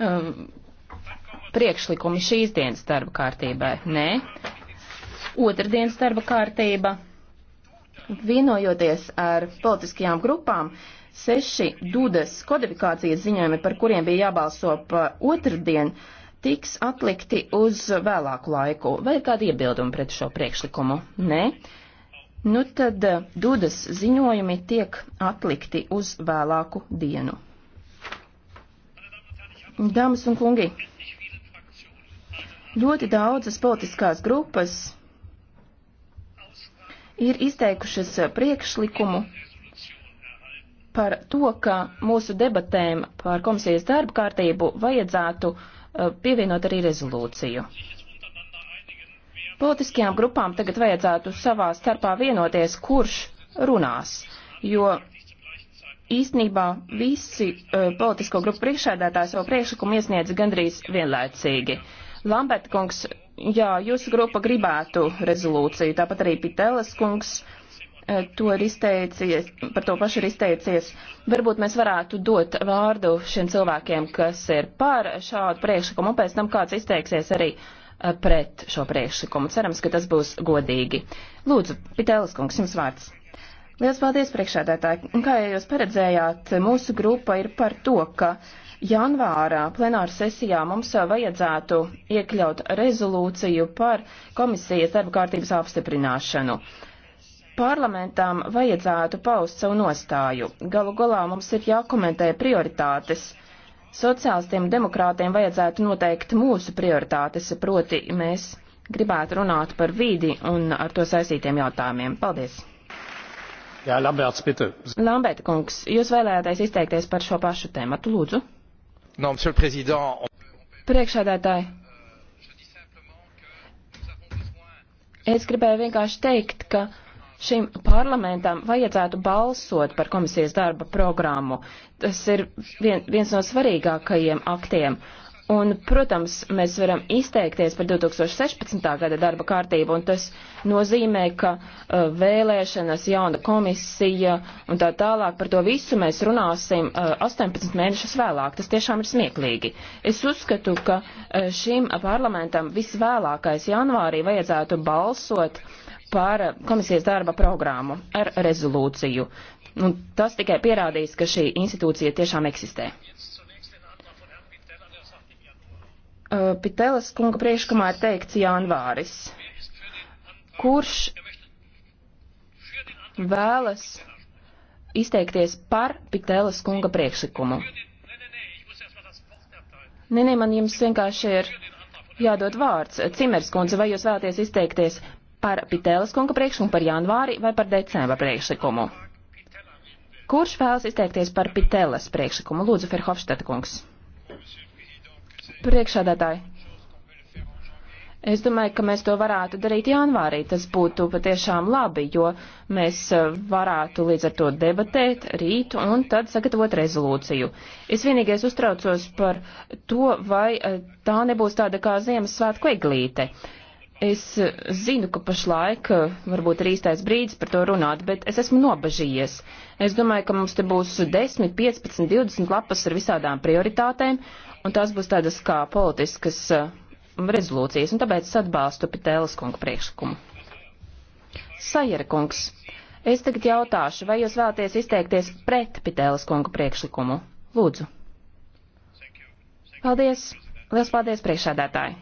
um, priekšlikumi šīs dienas darba kārtībai. Nē, otrdienas darba kārtība. Vienojoties ar politiskajām grupām, seši Dudas kodifikācijas ziņojumi, par kuriem bija jābalso pa otrdien, tiks atlikti uz vēlāku laiku. Vai ir kādi iebildumi pret šo priekšlikumu? Nē. Nu tad Dudas ziņojumi tiek atlikti uz vēlāku dienu. Dāmas un kungi, ļoti daudzas politiskās grupas ir izteikušas priekšlikumu par to, ka mūsu debatēm par komisijas darba kārtību vajadzētu eh, pievienot arī rezolūciju. Politiskajām grupām tagad vajadzētu savā starpā vienoties, kurš runās, jo īstenībā visi uh, politisko grupu priekšsēdētāji savu priekšlikumu iesniedz gandrīz vienlaicīgi. Lambert kungs, jā, jūsu grupa gribētu rezolūciju, tāpat arī Pitēlas kungs uh, to ir izteicies, par to pašu ir izteicies. Varbūt mēs varētu dot vārdu šiem cilvēkiem, kas ir par šādu priekšlikumu, un pēc tam kāds izteiksies arī uh, pret šo priekšlikumu. Cerams, ka tas būs godīgi. Lūdzu, Pitēlas kungs, jums vārds. Lielas paldies, priekšēdētāji! Kā jau jūs paredzējāt, mūsu grupa ir par to, ka janvārā plenāra sesijā mums vajadzētu iekļaut rezolūciju par komisijas darba kārtības apstiprināšanu. Parlamentām vajadzētu paust savu nostāju. Galu galā mums ir jākomentē prioritātes. Sociālistiem un demokrātiem vajadzētu noteikt mūsu prioritātes, proti mēs gribētu runāt par vīdi un ar to saistītiem jautājumiem. Paldies! Jā, Lamberts, bitte. Lamberta kungs, jūs vēlētais izteikties par šo pašu tēmatu, lūdzu. No, monsieur le président. Priekšādātāji. Es gribēju vienkārši teikt, ka šim parlamentam vajadzētu balsot par komisijas darba programmu. Tas ir vien, viens no svarīgākajiem aktiem. Un, protams, mēs varam izteikties par 2016. gada darba kārtību, un tas nozīmē, ka uh, vēlēšanas, jauna komisija un tā tālāk par to visu mēs runāsim uh, 18 mēnešus vēlāk. Tas tiešām ir smieklīgi. Es uzskatu, ka uh, šim parlamentam visvēlākais janvārī vajadzētu balsot par uh, komisijas darba programmu ar rezolūciju. Un tas tikai pierādīs, ka šī institūcija tiešām eksistē. Uh, Pitelas kunga priekšlikumā ir teikts janvāris, kurš vēlas izteikties par Pitelas kunga priekšlikumu. Nē, nē, man jums vienkārši ir jādod vārds. Cimers kundze, vai jūs vēlaties izteikties par Pitēlas kunga priekšlikumu par janvāri vai par decembra priekšlikumu? Kurš vēlas izteikties par Pitēlas priekšlikumu? Lūdzu, Ferhofštata kungs. Priekšādātāji, es domāju, ka mēs to varētu darīt janvārī. Tas būtu patiešām labi, jo mēs eh, varētu līdz ar to debatēt rīt un tad sagatavot rezolūciju. Es vienīgais uztraucos par to, vai eh, tā nebūs tāda kā Ziemassvētku eglīte. Uh, Es eh, zinu, ka pašlaik eh, varbūt ir īstais brīdis par to runāt, bet es esmu nobažījies. Es domāju, ka mums te būs 10, 15, 20 lapas ar visādām prioritātēm, un tās būs tādas kā politiskas eh, rezolūcijas, un tāpēc es atbalstu Pitēlas kunga priekšlikumu. Sajara kungs, es tagad jautāšu, vai jūs vēlaties izteikties pret Pitēlas kunga priekšlikumu? Lūdzu. Paldies. Lielas paldies priekšādātāji.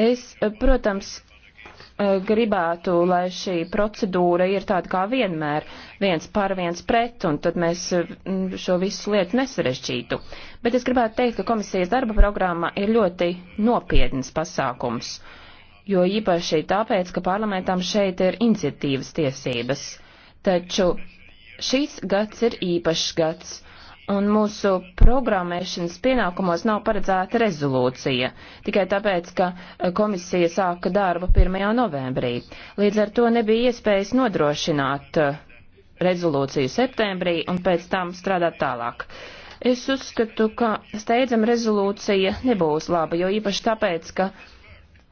Es, protams, e, gribētu, lai šī procedūra ir tāda kā vienmēr, viens par viens pret, un tad mēs e, šo visu lietu nesarežģītu. Bet es gribētu teikt, ka komisijas darba programma ir ļoti nopietnas pasākums, jo īpaši tāpēc, ka parlamentam šeit ir iniciatīvas tiesības. Taču šīs gads ir īpašs gads, un mūsu programmēšanas pienākumos nav paredzēta rezolūcija, tikai tāpēc, ka e, komisija sāka darbu 1. novembrī. Līdz ar to nebija iespējas nodrošināt e, rezolūciju septembrī un pēc tam strādāt tālāk. Es uzskatu, ka steidzam rezolūcija nebūs laba, jo īpaši tāpēc, ka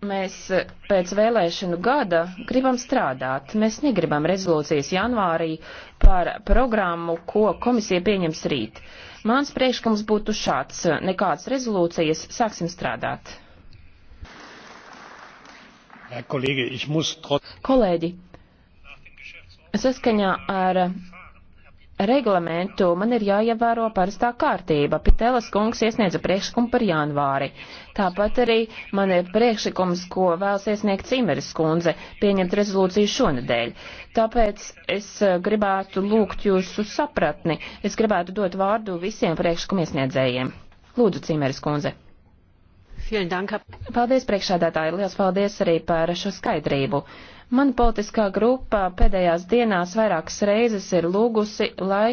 Mēs eh, pēc vēlēšanu gada gribam strādāt. Mēs negribam rezolūcijas janvārī par programmu, ko komisija pieņems rīt. Mans priekšlikums būtu šāds - nekādas rezolūcijas, sāksim strādāt. Kolēģi, saskaņā ar reglamentu man ir jāievēro parastā kārtība. Pitēlas kungs iesniedza priekšlikumu par janvāri. Tāpat arī man ir priekšlikums, ko vēlas iesniegt Cimeris kundze, pieņemt rezolūciju šonadēļ. Tāpēc es eh, gribētu lūgt jūsu sapratni. Es gribētu dot vārdu visiem priekšlikumu iesniedzējiem. Lūdzu, Cimeris kundze. Paldies, priekšādātāji. Liels paldies arī par šo skaidrību. Uh, Mana politiskā grupa pēdējās dienās vairākas reizes ir lūgusi, lai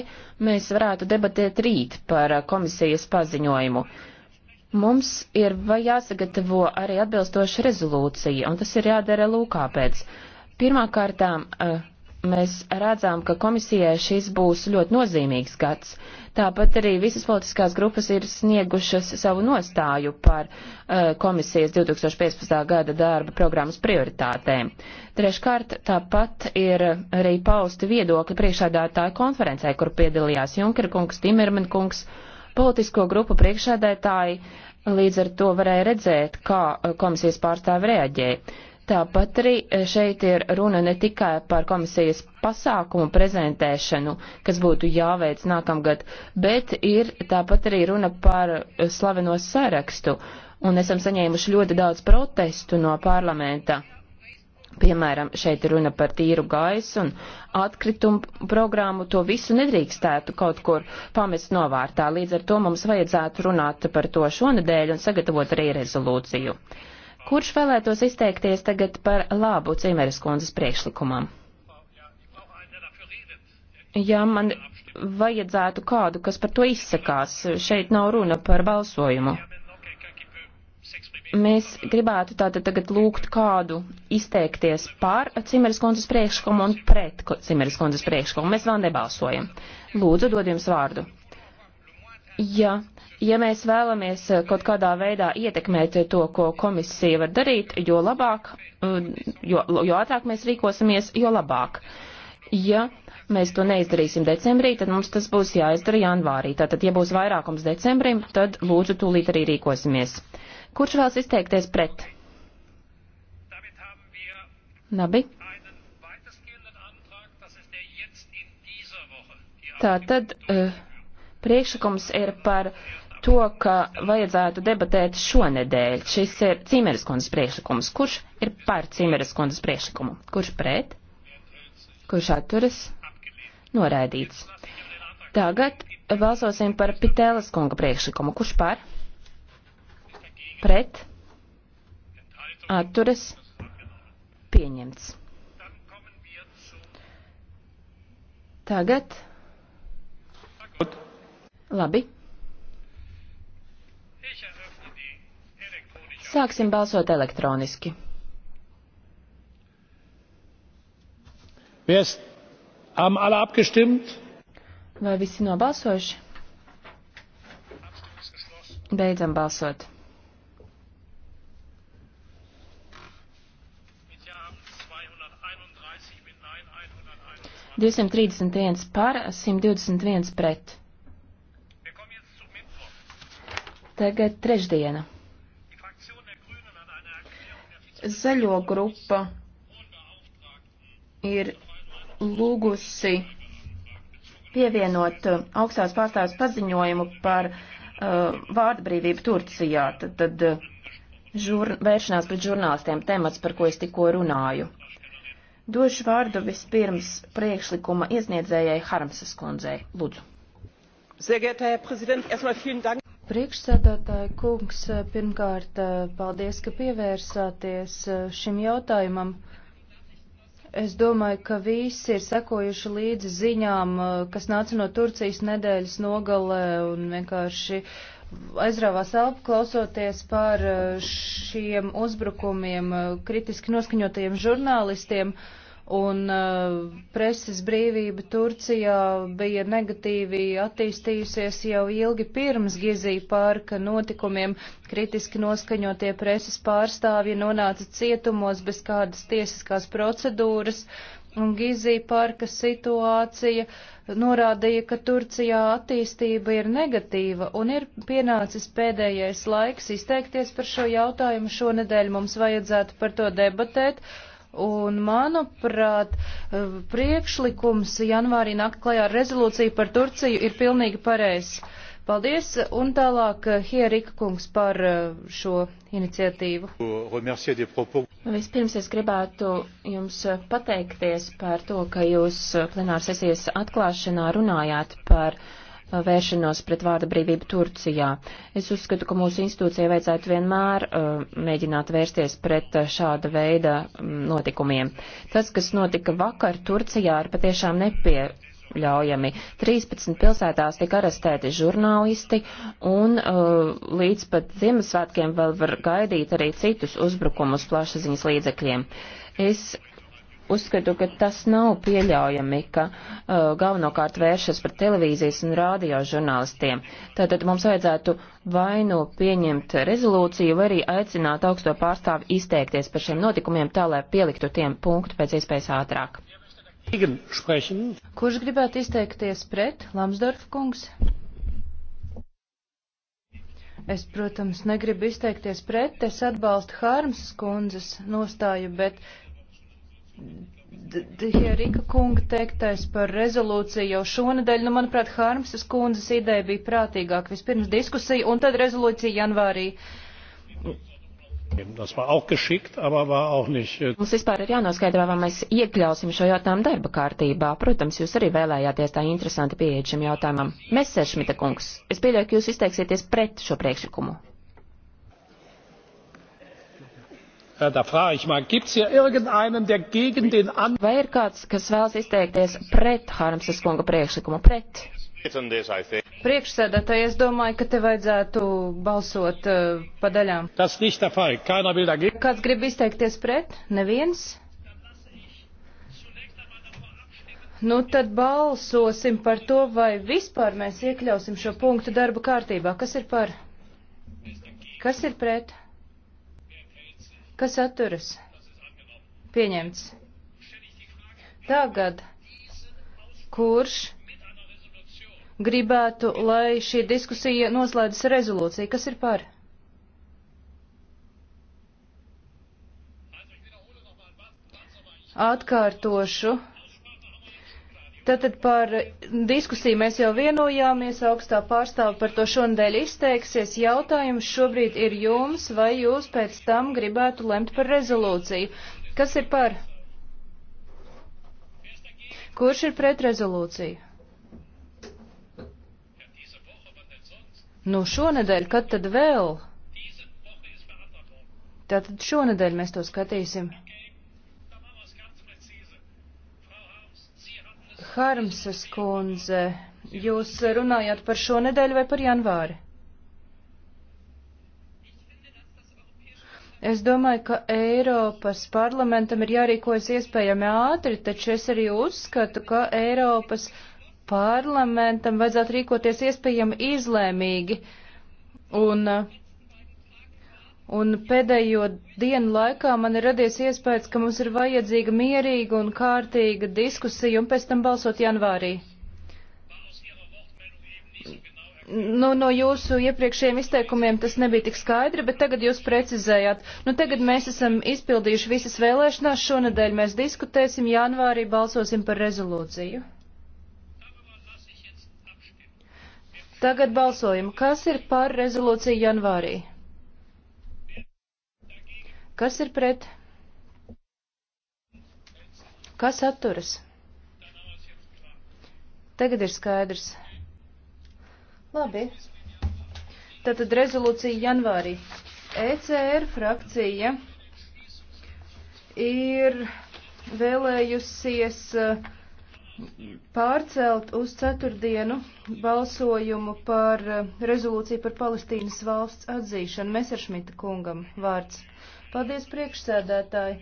mēs varētu debatēt rīt par uh, komisijas paziņojumu. Mums ir jāsagatavo arī atbilstoša rezolūcija, un tas ir jādara lūkāpēc. Pirmkārtām, uh, Mēs redzam, ka komisijai šis būs ļoti nozīmīgs gads. Tāpat arī visas politiskās grupas ir sniegušas savu nostāju par uh, komisijas 2015. gada darba programmas prioritātēm. Treškārt, tāpat ir arī pausti viedokļi priekšādātāju konferencē, kur piedalījās Junkerkungs, Timermankungs, politisko grupu priekšādātāji, Līdz ar to varēja redzēt, kā uh, komisijas pārstāvi reaģēja. Tāpat arī e, šeit ir runa ne tikai par komisijas pasākumu prezentēšanu, kas būtu jāveic nākamgad, bet ir tāpat arī runa par e, slaveno sarakstu. Un esam saņēmuši ļoti daudz protestu no parlamenta. Piemēram, šeit runa par tīru gaisu un atkritumu programmu, to visu nedrīkstētu kaut kur pamest novārtā. Līdz ar to mums vajadzētu runāt par to šonadēļ un sagatavot arī rezolūciju. Uh, Kurš vēlētos izteikties tagad par labu Cimeres kundzes priekšlikumam? Ja man vajadzētu kādu, kas par to izsakās, šeit nav runa par balsojumu. Mēs gribētu tātad tagad lūgt kādu izteikties par Cimeres kundzes priekšlikumu un pret Cimeres kundzes priekšlikumu. Mēs vēl nebalsojam. Lūdzu, dod jums vārdu. Ja, ja mēs vēlamies eh, kaut kādā veidā ietekmēt to, ko komisija var darīt, jo labāk, eh, jo, jo ātrāk mēs rīkosimies, jo labāk. Ja mēs to neizdarīsim decembrī, tad mums tas būs jāizdara janvārī. Tātad, ja būs vairākums decembrim, tad lūdzu tūlīt arī rīkosimies. Kurš vēlas izteikties pret? Nabi? Tātad. Uh, Priekšlikums ir par to, ka vajadzētu debatēt šonedēļ. Šis ir Cīmeres kundzes priekšlikums. Kurš ir par Cīmeres kundzes priekšlikumu? Kurš pret? Kurš atturas? Noraidīts. Tagad balsosim par Pitēlas kunga priekšlikumu. Kurš par? Pret? Atturas? Pieņemts. Tagad Labi. Sāksim balsot elektroniski. Vai visi nobalsojuši? Beidzam balsot. Divsimt trīsdesmit viens par, simt divdesmit viens pret. Tagad trešdiena. Zaļo grupa ir lūgusi pievienot uh, augstās pārstāvis paziņojumu par uh, vārdbrīvību Turcijā. Tad, tad uh, žur, vēršanās pret žurnālistiem temats, par ko es tikko runāju. Došu vārdu vispirms priekšlikuma iesniedzējai Harmsas kundzei. Lūdzu. Sehr geehrter Herr Präsident, erstmal vielen Dank. Priekšsēdētāji kungs, pirmkārt, paldies, ka pievērsāties eh, šim jautājumam. Es domāju, ka visi ir sekojuši līdzi ziņām, eh, kas nāca no Turcijas nedēļas nogalē un vienkārši aizrāvās elpu klausoties par eh, šiem uzbrukumiem kritiski noskaņotajiem žurnālistiem. Uh, un uh, preses brīvība Turcijā bija negatīvi attīstījusies jau ilgi pirms Gizija parka notikumiem. Kritiski noskaņotie preses pārstāvji nonāca cietumos bez kādas tiesiskās procedūras. Un Gizija parka situācija norādīja, ka Turcijā attīstība ir negatīva un ir pienācis pēdējais laiks izteikties par šo jautājumu. Šonedēļ mums vajadzētu par to debatēt Un, manuprāt, priekšlikums janvārī nakt klajā ar rezolūciju par Turciju ir pilnīgi pareizs. Paldies, un tālāk eh, Hierika kungs par eh, šo iniciatīvu. Vispirms es gribētu jums eh, pateikties par to, ka jūs plenārsesijas atklāšanā runājāt par vēršanos pret vārda brīvību Turcijā. Es uzskatu, ka mūsu institūcijai vajadzētu vienmēr uh, mēģināt vērsties pret uh, šāda veida mm, notikumiem. Tas, kas notika vakar Turcijā, ir patiešām nepie. Ļaujami. 13 pilsētās tika arestēti žurnālisti un uh, līdz pat Ziemassvētkiem vēl var gaidīt arī citus uzbrukumus plašsaziņas līdzekļiem. Es uzskatu, ka tas nav pieļaujami, ka uh, galvenokārt vēršas par televīzijas un rādio žurnālistiem. Tātad mums vajadzētu vai nu pieņemt rezolūciju, vai arī aicināt augsto pārstāvi izteikties par šiem notikumiem tā, lai pieliktu tiem punktu pēc iespējas ātrāk. Kurš gribētu izteikties pret Lamsdorf kungs? Es, protams, negribu izteikties pret, es atbalstu Hārmas kundzes nostāju, bet Hierika kunga teiktais par rezolūciju jau šonadēļ, nu, manuprāt, Harmsas kundzes ideja bija prātīgāk. Vispirms diskusija un tad rezolūcija janvārī. Geschickt, äh, Mums vispār ir jānoskaidro, vai mēs iekļausim šo jautājumu darba kārtībā. Protams, jūs arī vēlējāties tā interesanti pieeja šim jautājumam. Mēs, Sešmita kungs, es pieļauju, ka jūs izteiksieties pret šo priekšlikumu. Äh, da frage ich mal, gibt es hier irgendeinen, der gegen den An Vai ir kāds, kas vēlas izteikties pret Harmses kunga priekšlikumu? Pret? Priekšsēdētāji, es domāju, ka te vajadzētu balsot uh, pa daļām. Tas nicht der Fall. Keiner will dagegen. Kāds grib izteikties pret? Neviens? Nu tad balsosim par to, vai vispār mēs iekļausim šo punktu darba kārtībā. Kas ir par? Kas ir pret? Kas atturas? Pieņemts. Tagad kurš gribētu, lai šī diskusija noslēdzas rezolūcija? Kas ir par? Atkārtošu. Tātad par diskusiju mēs jau vienojāmies, augstā pārstāva par to šonadēļ izteiksies. Jautājums šobrīd ir jums, vai jūs pēc tam gribētu lemt par rezolūciju. Kas ir par? Kurš ir pret rezolūciju? Nu, šonadēļ, kad tad vēl? Tātad šonadēļ mēs to skatīsim. Harmsas kundze, jūs runājāt par šo nedēļu vai par janvāri? Es domāju, ka Eiropas parlamentam ir jārīkojas iespējami ātri, taču es arī uzskatu, ka Eiropas parlamentam vajadzētu rīkoties iespējami izlēmīgi. Un uh, Un pēdējo dienu laikā man ir radies iespējas, ka mums ir vajadzīga mierīga un kārtīga diskusija un pēc tam balsot janvārī. Nu, no jūsu iepriekšējiem izteikumiem tas nebija tik skaidri, bet tagad jūs precizējāt. Nu, tagad mēs esam izpildījuši visas vēlēšanās, šonadēļ mēs diskutēsim, janvārī balsosim par rezolūciju. Tagad balsojam. Kas ir par rezolūciju janvārī? Kas ir pret? Kas atturas? Tagad ir skaidrs. Labi. Tātad rezolūcija janvārī. ECR frakcija ir vēlējusies uh, pārcelt uz ceturtdienu balsojumu par uh, rezolūciju par Palestīnas valsts atzīšanu. Meseršmita kungam vārds. Paldies, priekšsēdētāji!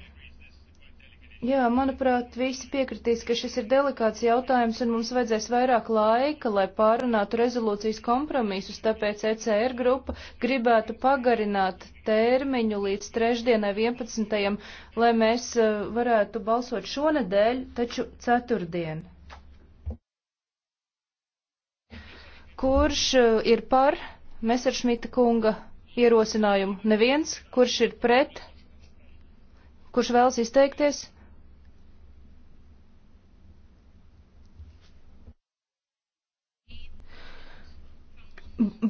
Jā, manuprāt, visi piekritīs, ka šis ir delikāts jautājums un mums vajadzēs vairāk laika, lai pārunātu rezolūcijas kompromisus, tāpēc ECR grupa gribētu pagarināt termiņu līdz trešdienai 11. lai mēs eh, varētu balsot šonedēļ, taču ceturtdien. Kurš eh, ir par Messeršmita kunga ierosinājumu. Neviens, kurš ir pret, kurš vēlas izteikties.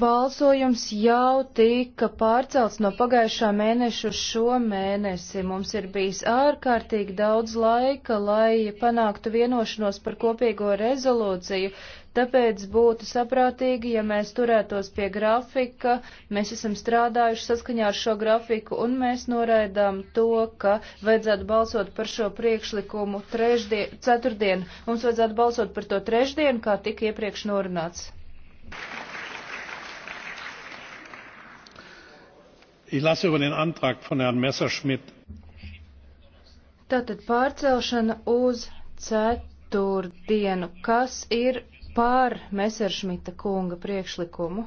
Balsojums jau tika pārcelts no pagājušā mēneša uz šo mēnesi. Mums ir bijis ārkārtīgi daudz laika, lai panāktu vienošanos par kopīgo rezolūciju, Tāpēc būtu saprātīgi, ja mēs turētos pie grafika, mēs esam strādājuši saskaņā ar šo grafiku, un mēs noraidām to, ka vajadzētu balsot par šo priekšlikumu trešdien, ceturtdien. Mums vajadzētu balsot par to trešdien, kā tika iepriekš norunāts. Ich lasse über den Antrag von Herrn Messerschmidt. Tātad pārcelšana uz ceturtdienu. Kas ir par Meseršmita kunga priekšlikumu.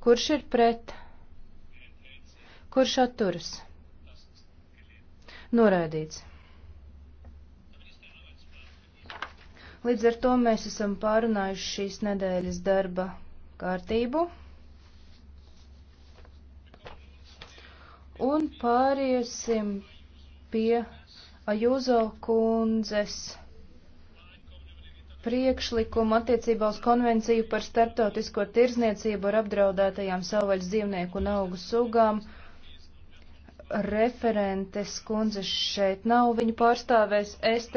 Kurš ir pret? Kurš atturas? Noraidīts. Līdz ar to mēs esam pārunājuši šīs nedēļas darba kārtību. Un pāriesim pie Ajūzo kundzes priekšlikumu attiecībā uz konvenciju par starptautisko tirzniecību ar apdraudētajām savvaļas dzīvnieku un augu sugām. Referentes kundze šeit nav, viņu pārstāvēs. Es